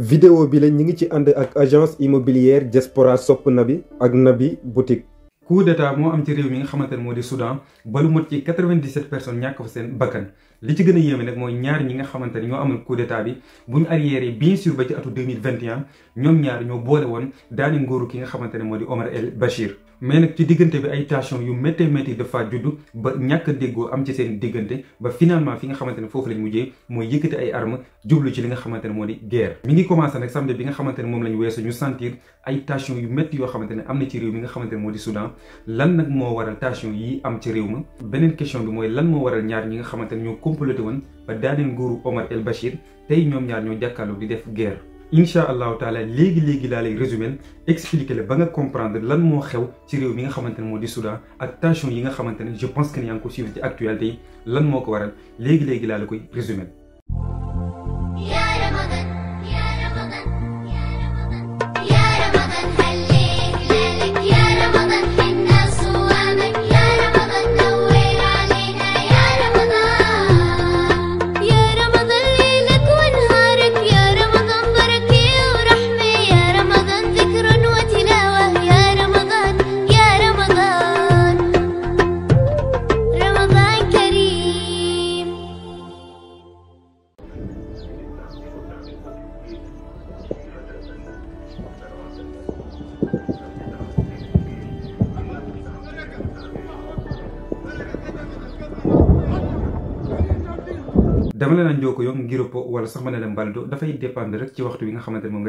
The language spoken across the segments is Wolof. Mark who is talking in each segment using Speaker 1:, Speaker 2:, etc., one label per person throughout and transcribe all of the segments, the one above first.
Speaker 1: vidéo bi la ñi ngi ci and ak agence immobilière Diaspora Sopp Nabi ak Nabi boutique. coup d'état mo am ci réew mi nga xamantene modi Soudan ba lu mot ci 97 personnes ñak fa seen bakkan li ci gëna a nak moy ñaar ñi nga xamantene ñoo amul coup d'état bi bu arriéré bien sûr ba ci atu 2021 ñom ñaar ñoo bolé won daani ngoru ki nga xamantene modi Omar El Bachir. mais nag ci diggante bi ay tension yu méttee métti dafa juddu ba ñàkk a déggoo am ci seen diggante ba finalement fi nga xamante ne foofu lañ mujjee mooy yëkkati ay arme jublu ci li nga xamante ne moo di guerre commencé nag samedi bi nga xamante ne moom lañ weesu ñu sentir ay tension yu métti yoo xamante ne am na ci réew mi nga xamante ne moo di Soudan lan nag moo waral tension yi am ci réew ma beneen question bi mooy lan moo waral ñaar ñi nga xamante ne ñoo comploté woon ba daaneel nguuru Omar El Bachir tey ñoom ñaar ñoo jàkkaarloo def guerre incha allahu taala léegi léegi laa lay résumé expliqué la ba nga comprendre lan moo xew ci réew mi nga xamante ne moo di Soudan ak tension yi nga xamante ne je pense que ni yaa ngi ko suivre ci actualité yi lan moo ko waral léegi léegi laa la koy résumé. njóo ko yom po wala sax mën a dem balado dafay dépendre rek ci waxtu bi nga xamante moom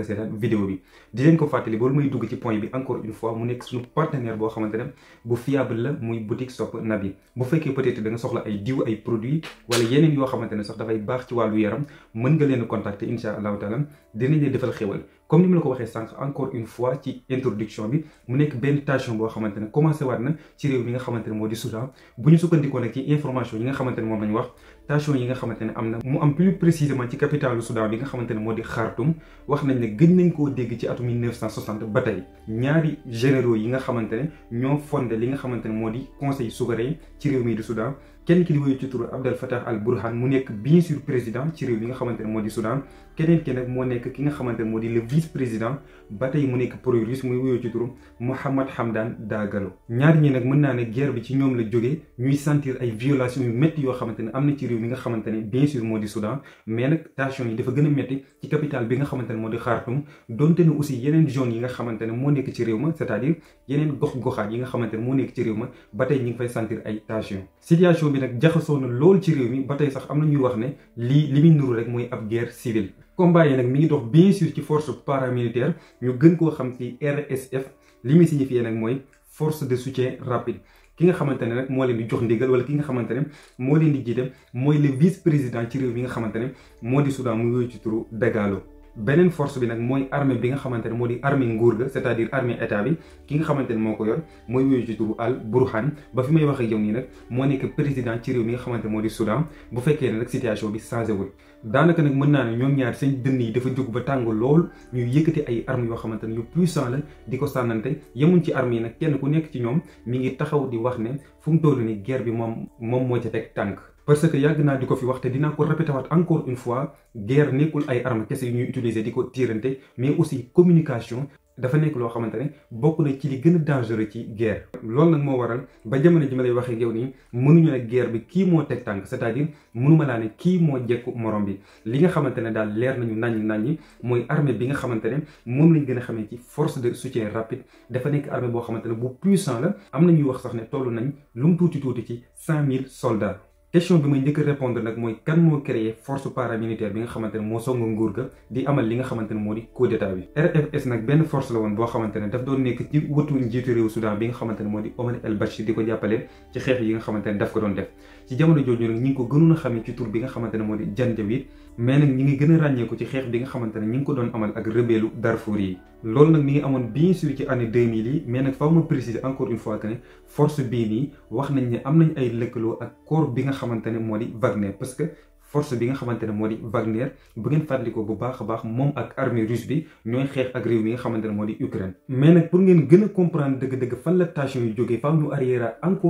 Speaker 1: nga wax tension yi nga xamantene amna mu am plus précisément ci du Soudan bi nga xamantene modi Khartoum wax nañ ne gën nañ ko dégg ci atum 1960 ba tey ñaari généraux yi nga xamantene ño fondé li nga xamantene modi conseil souverain ci réew mi di Soudan kenn ki di wuyu ci turu Abdel Fattah al Burhan mu nekk bien sûr président ci réew bi nga xamante ne moo di Soudan keneen ki nag moo nekk ki nga xamante ne moo di le vice président ba tey mu nekk pro-russe muy wuyoo ci turu Mohamed Hamdan Dagalo ñaar ñi nag mën naa ne guerre bi ci ñoom la jógee ñuy sentir ay violations yu métti yoo xamante ne am na ci réew mi nga xamante ne bien sûr moo di Soudan mais nag tension yi dafa gën a métti ci capital bi nga xamante ne moo di Khartoum donte ne aussi yeneen zone yi nga xamante ne moo nekk ci réew ma c'est-à-dire yeneen gox-goxaat yi nga xamante ne moo nekk ci réew ma ba tey ñu ngi fay sentir ay tension situation bi nag jaxasoo na lool ci réew mi ba tey sax am na ñuy wax ne lii li muy nuru rek mooy ab guerre civile. combat yi nag mi ngi dox bien sûr ci force paramilitaire ñu gën koo xam si RSF li muy signifié nag mooy force de soutien rapide. ki nga xamante ne nag moo leen di jox ndigal wala ki nga xamante ne moo leen di jiite mooy le vice président ci réew mi nga xamante ne moo di Soudan mu wéy ci turu Dagalo benen force bi nag mooy armée bi nga xamantene ne moo di armée nguur ga c'est-à-dire armée état bi ki nga xamantene ne moo ko yor mooy wuyu ci turu Al Burhan ba fi may wax ak yow nii nag moo nekk président ci réew mi nga xamantene ne moo di Soudan bu fekkee ne nag situation bi changé wul daanaka nag mën naa ne ñoom ñaar seen dënn yi dafa jóg ba tàng lool ñu yëkkati ay armes yoo xamantene yu puissant la di ko sànnante yemuñ ci armes yi nag kenn ku nekk ci ñoom mi ngi taxaw di wax ne fu mu toll ni guerre bi moom moom moo ca teg tànk parce que yàgg naa di fi waxte dina ko répéter waat encore une fois guerre nekul ay armes kese yu ñuy utiliser diko tirante mais aussi communication dafa nek lo xamantene bokku bokk na ci li gën dangereux ci guerre. lool nak mo waral ba jamono ji ma lay waxe yow ni mënu ñu nak guerre bi ki mo tek tank c'est-à-dire mënu ma la né ki mo jekku morom bi li nga xamantene dal daal leer nañu naññ naññi mooy armée bi nga xamantene ne moom lañ gën a ci force de soutien rapide dafa nek armée bo xamantene bu puissant la am na wax sax né tollu nañ lum mu tuuti ci 100000 soldats. question bi may njëkk a répondre nag mooy kan moo créé force paramilitaire bi nga xamante ne moo songu nguur ga di amal li nga xamante ne moo di coup d'état bi RFS nag benn force la woon boo xamante ne daf doon nekk ci wëtu njiitu réew Soudan bi nga xamante ne moo di Omar El Bachir di ko jàppale ci xeex yi nga xamante ne daf ko doon def ci jamono jooju nag ñi ngi ko gënoon a xamee ci tur bi nga xamante ne moo di Janjaweed mais nag ñi ngi gën a ci xeex bi nga xamante ne ñi ngi ko doon amal ak rebelu Darfour yi loolu nag mi ngi amoon bien sûr ci année 2000 yi mais nag faaw ma préciser encore une fois que ne force bii nii wax nañ ne am nañ ay lëkkaloo ak corps bi nga xamante ne moo di Wagner parce que force bi nga xamante ne moo di Wagner bu ngeen fàttalikoo bu baax a baax moom ak armée russe bi ñooy xeex ak réew mi nga xamante ne moo di Ukraine mais nag pour ngeen gën a comprendre dëgg-dëgg fan la tension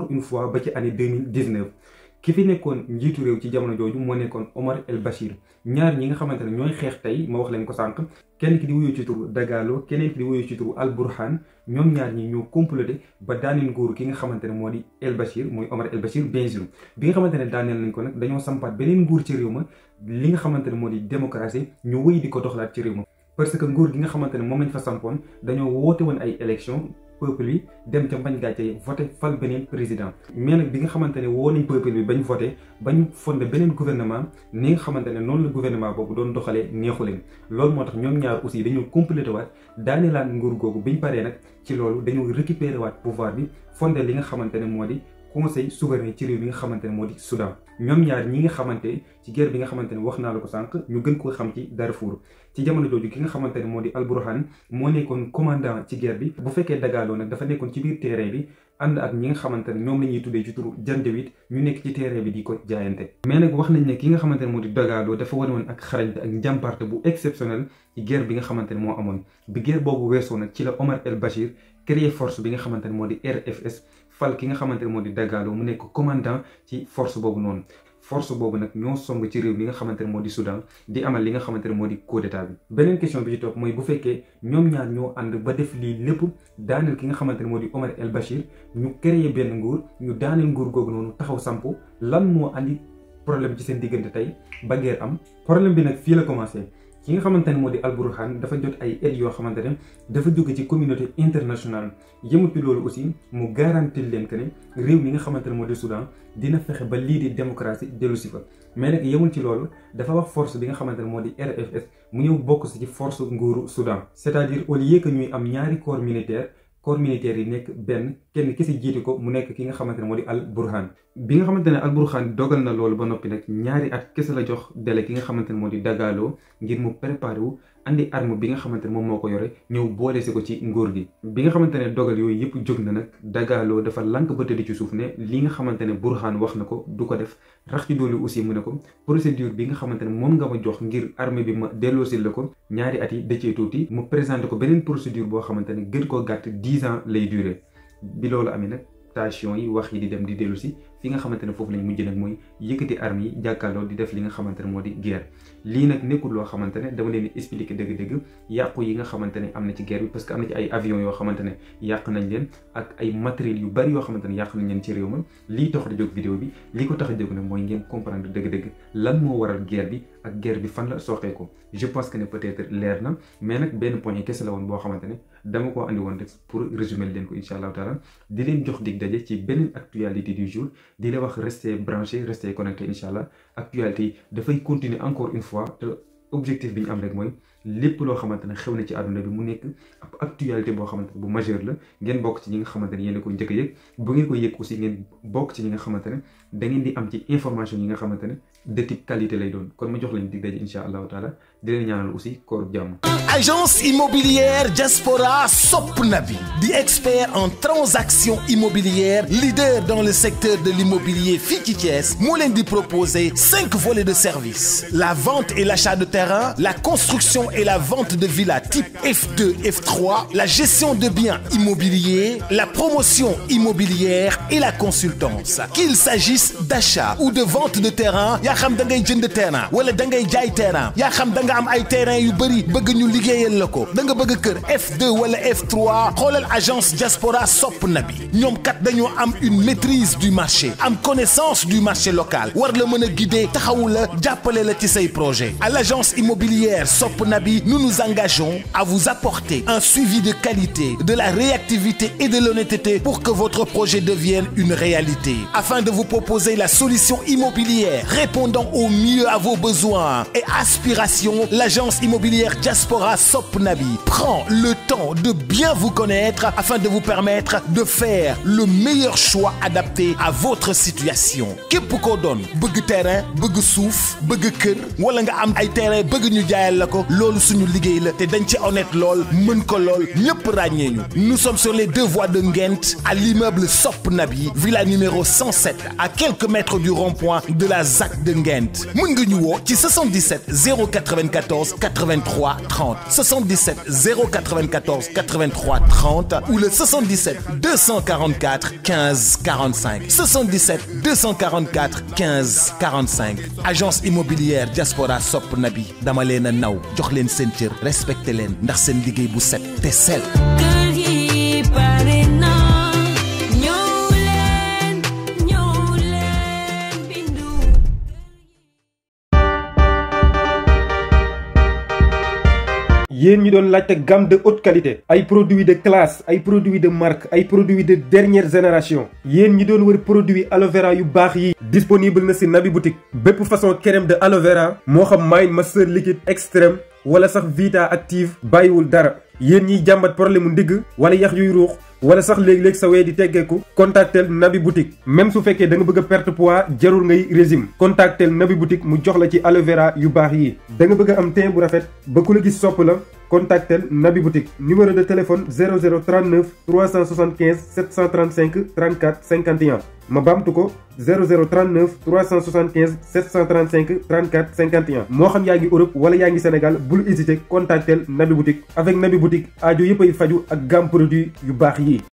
Speaker 1: une fois ba ci année ki fi nekkoon njiitu réew ci jamono jooju moo nekkoon Omar El Bachir ñaar ñi nga xamante ne ñooy xeex tey ma wax leen ko sànq kenn ki di wuyoo ci turu Dagalo keneen ki di wuyoo ci turu Al Burhan ñoom ñaar ñi ñoo comploté ba daaneel nguur ki nga xamante ne moo di El Bachir mooy Omar El Bachir Bengelloune bi nga xamante ne daaneel nañ ko nag dañoo sampaat beneen nguur ci réew ma li nga xamante ne moo di démocratie ñu wéy di ko doxalaat ci réew ma parce que nguur gi nga xamante ne moom lañ fa sampoon dañoo woote woon ay élection peuple yi dem ca mbañ gàcce voté fal beneen président mais nag bi nga xamante ne woo nañ peuple bi bañ voté bañ fondé beneen gouvernement ni nga xamante ne noonu la gouvernement boobu doon doxalee neexu leen loolu moo tax ñoom ñaar aussi dañoo complété waat daane laan nguur googu biñ paree nag ci loolu dañoo récupéré waat pouvoir bi fondé li nga xamante ne moo di conseil souverain ci réew bi nga xamante ne moo di Soudan ñoom ñaar ñi nga xamante ci ger bi nga xamante ne wax naa la ko sànq ñu gën ko xam ci fuur ci jamono jooju ki nga xamante ne moo di Al-Burhan moo nekkoon commandant ci guerre bi bu fekkee dagaaloo nag dafa nekkoon ci biir terrain bi ànd ak ñi nga xamante ne ñoom la ñuy tuddee ci turu Janjaweed ñu nekk ci terrain bi di ko jaayante mais nag wax nañ ne ki nga xamante ne moo di dagaaloo dafa wane woon ak xarañte ak njàmparte bu exceptionnel ci bi nga xamante ne moo amoon bi guerre boobu weesoo nag ci la Omar El Bachir créé force bi nga xamante ne moo di RFS fal ki nga xamante ne moo di Dagalo mu nekk commandant ci force boobu noonu force boobu nag ñoo somb ci réew mi nga xamante ne moo di Soudan di amal li nga xamante ne moo di coup d'état bi beneen question bi ci topp mooy bu fekkee ñoom ñaan ñoo ànd ba def lii lépp daaneel ki nga xamante ne moo di Omar El Bachir ñu créé benn nguur ñu daaneel nguur googu noonu taxaw samp lan moo andi problème ci seen diggante tey ba guerre am problème bi nag fii la commencé ki nga xamantene modi Alburhan dafa jot ay aide yo xamantene dafa jóge ci communauté internationale yëmu ci lolu aussi mu garantir len que ne réew mi nga xamantene modi Soudan dina fexe ba li di démocratie delu ci fa mais nak yëmul ci lolu dafa wax force bi nga xamantene modi RFS mu ñëw bokk ci force nguru Soudan c'est-à-dire au lieu que ñuy am ñaari corps militaire corps militaire yi nekk benn kenn kese jiite ko mu nekk ki nga xamante ne moo di Al Burhan bi nga xamante ne Al Burhan dogal na loolu ba noppi nag ñaari at kese la jox délai ki nga xamante ne moo di Dagalo ngir mu préparé wu andi arme bi nga xamante ne moom moo ko yore ñëw boole si ko ci nguur gi bi nga xamante ne dogal yooyu yëpp jóg na nag dagaaloo dafa lank ba tëddi ci suuf ne li nga xamante ne Burhan wax na ko du ko def rax ci doolu aussi mu ne ko procédure bi nga xamante ne moom nga ma jox ngir arme bi ma delloosil la ko ñaari at yi dëccee tuuti mu présenté ko beneen procédure boo xamante ne gën koo gàtt dix ans lay durer bi loolu amee nag tension yi wax yi di dem di delu ci fi nga xamantene fofu foofu lañ mujj nag mooy yëkkati armes yi jakkalo di def li nga xamantene modi guerre li nak nekkul lo xamantene dama leen expliquer deug deug yaq yi nga xamantene amna ci guerre bi parce que amna ci ay avion yo xamantene yàq nañ leen ak ay matériel yu bari yo xamantene yàq nañ leen ci réew ma li tax di jóg vidéo bi li ko tax di jóg nak moy ngeen comprendre deug deug lan mo waral guerre bi ak guerre bi fan la soxé ko je pense que ne peut-être leer na mais nak ben point kese la won bo xamantene dama koo andi woon rek pour résumer leen ko allah allahu taala di leen jox dig daje ci beneen actualité du jour di la wax rester branché rester connecté incha allah actualité dafay continuer encore une fois te objectif bi am rek mooy lépp loo xamante ne xew na ci àdduna bi mu nekk ab actualité boo xamante ne bu majeur la ngeen bokk ci ñi nga xamante ne yéen a ko njëkk a yëg bu ngeen ko yëg aussi ngeen bokk ci ñi nga xamante ne da ngeen di am ci information yi nga xamante ne de type qualité lay doon kon ma jox leen dig daje incha allahu taala di leen ñaanal aussi koor jàmm.
Speaker 2: agence immobilière Diaspora sopp na bi di expert en transaction immobilière leader dans le secteur de l'immobilier fii ci Thiès moo leen di proposer cinq volets de service la vente et l'achat de terrain la construction et la vente de villas type F2, F3, la gestion de biens immobiliers, la promotion immobilière et la consultance. Qu'il s'agisse d'achat ou de vente de terrain ya xam da ngay jënd terrain wala da ngay jaay terrain ya xam da nga am ay terrain yu bëri bëgg ñu liggéeyal la ko da nga bëgg kër F2 wala F3 xolal agence diaspora Sopnabi, Nabi. Ñom kat dañu am une maîtrise du marché am connaissance du marché local war le mëna guider taxawu la jàppale la ci say projet à l'agence immobilière Sopnabi Nabi nous nous engageons à vous apporter un suivi de qualité, de la réactivité et de l'honnêteté pour que votre projet devienne une réalité. Afin de vous proposer la solution immobilière répondant au mieux à vos besoins et aspirations, l'agence immobilière Diaspora Sopnabi prend le temps de bien vous connaître afin de vous permettre de faire le meilleur choix adapté à votre situation. que terrain souf, am terrain nous sommes sur les deux voies de à l'immeuble Sopnabi, villa numéro 107 à quelques mètres du rond-point de la ZAC de Ngent. mën nga 77 094 83 30 77 094 83 30 ou le 77 244 15 45 77 244 15 45 agence immobilière Diaspora Sopnabi Nabi dama jox leen seen cër respecté leen ndax seen liggéey bu set te sel
Speaker 1: ñi doon laajte gamme de haute qualité ay produits de classe ay produits de marque ay produits de dernière génération yéen ñi doon wër produit aloe vera yu baax yi disponible na ci Nabi Boutique bépp façon crème de aloe vera moo xam mind master liquide extrême wala sax vita active bàyyiwul dara yéen ñiy jàmbat problème wala yax yuy ruux wala sax sa contactel Nabi Boutique même su vous da nga bëgg a perte poids jarul le régime contactel Nabi Boutique mu jox la ci aloe vera yu baax yi da nga bëgg am Contactez Nabi Boutique numéro de téléphone 0039 375 735 34 51 ma bam 0039 375 735 34 51 Moi xam yaangi Europe wala yaangi Sénégal vous hésiter Contactez Nabi Boutique avec Nabi Boutique aajo yepp ay faju ak gamme produit yu yi